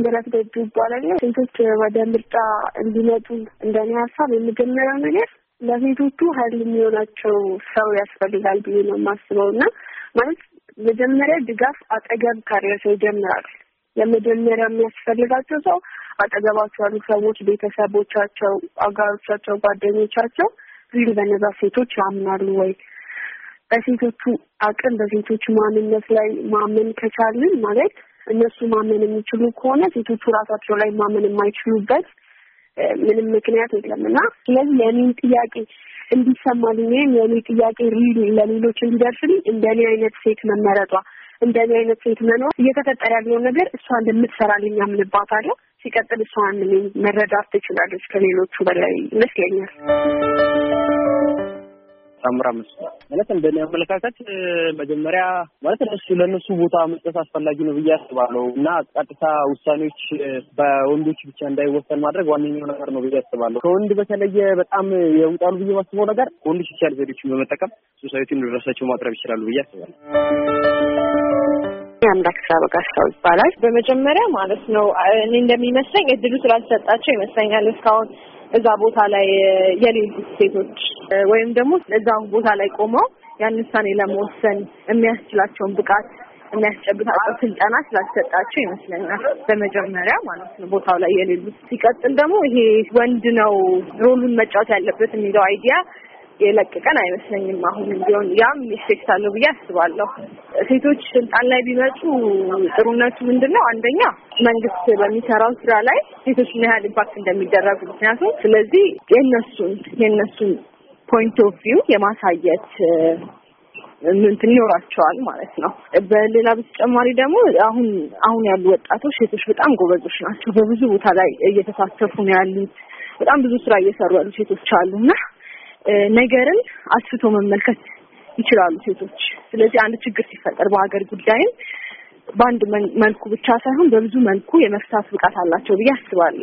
ምህረት ይባላል። ሴቶች ወደ ምርጫ እንዲመጡ እንደኔ ሀሳብ የመጀመሪያው ነገር ለሴቶቹ ኃይል የሚሆናቸው ሰው ያስፈልጋል ብዬ ነው የማስበው እና ማለት መጀመሪያ ድጋፍ አጠገብ ሰው ይጀምራል። ለመጀመሪያ የሚያስፈልጋቸው ሰው አጠገባቸው ያሉ ሰዎች፣ ቤተሰቦቻቸው፣ አጋሮቻቸው፣ ጓደኞቻቸው ግን በነዛ ሴቶች ያምናሉ ወይ በሴቶቹ አቅም በሴቶቹ ማንነት ላይ ማመን ከቻልን ማለት እነሱ ማመን የሚችሉ ከሆነ ሴቶቹ ራሳቸው ላይ ማመን የማይችሉበት ምንም ምክንያት የለም እና ስለዚህ የኔን ጥያቄ እንዲሰማልኝ ወይም የእኔ ጥያቄ ሪል ለሌሎች እንዲደርስልኝ እንደ እኔ አይነት ሴት መመረጧ እንደኔ አይነት ሴት መኖር እየተፈጠረ ያለውን ነገር እሷ እንደምትሰራልኝ አምንባታለሁ። ሲቀጥል እሷን መረዳት ትችላለች ከሌሎቹ በላይ ይመስለኛል። ጨምራ መስሏል ማለት እንደኔ አመለካከት መጀመሪያ ማለት እነሱ ለእነሱ ቦታ መስጠት አስፈላጊ ነው ብዬ አስባለሁ እና ቀጥታ ውሳኔዎች በወንዶች ብቻ እንዳይወሰን ማድረግ ዋነኛው ነገር ነው ብዬ አስባለሁ። ከወንድ በተለየ በጣም የውጣሉ ብዬ ማስበው ነገር ከወንድ ሶሻል ዘዴዎችን በመጠቀም ሶሳይቲን ድረሳቸው ማቅረብ ይችላሉ ብዬ አስባለሁ። አምላክ ስራ በጋሻው ይባላል። በመጀመሪያ ማለት ነው እኔ እንደሚመስለኝ እድሉ ስላልተሰጣቸው ይመስለኛል እስካሁን እዛ ቦታ ላይ የሌሉት ሴቶች ወይም ደግሞ እዛ ቦታ ላይ ቆመው ያን ውሳኔ ለመወሰን የሚያስችላቸውን ብቃት የሚያስጨብጣቸው ስልጠና ስላልሰጣቸው ይመስለኛል። በመጀመሪያ ማለት ነው ቦታው ላይ የሌሉት። ሲቀጥል ደግሞ ይሄ ወንድ ነው ሮሉን መጫወት ያለበት የሚለው አይዲያ የለቀቀን አይመስለኝም። አሁን ቢሆን ያም ኢፌክት አለው ብዬ አስባለሁ። ሴቶች ስልጣን ላይ ቢመጡ ጥሩነቱ ምንድን ነው? አንደኛ መንግስት በሚሰራው ስራ ላይ ሴቶች ምን ያህል ኢምፓክት እንደሚደረጉ ምክንያቱም ስለዚህ የነሱን የነሱን ፖይንት ኦፍ ቪው የማሳየት እንትን ይኖራቸዋል ማለት ነው። በሌላ በተጨማሪ ደግሞ አሁን አሁን ያሉ ወጣቶች ሴቶች በጣም ጎበዞች ናቸው። በብዙ ቦታ ላይ እየተሳተፉ ነው ያሉት። በጣም ብዙ ስራ እየሰሩ ያሉ ሴቶች አሉና ነገርን አስፍቶ መመልከት ይችላሉ ሴቶች። ስለዚህ አንድ ችግር ሲፈጠር በሀገር ጉዳይም በአንድ መልኩ ብቻ ሳይሆን በብዙ መልኩ የመፍታት ብቃት አላቸው ብዬ አስባለሁ።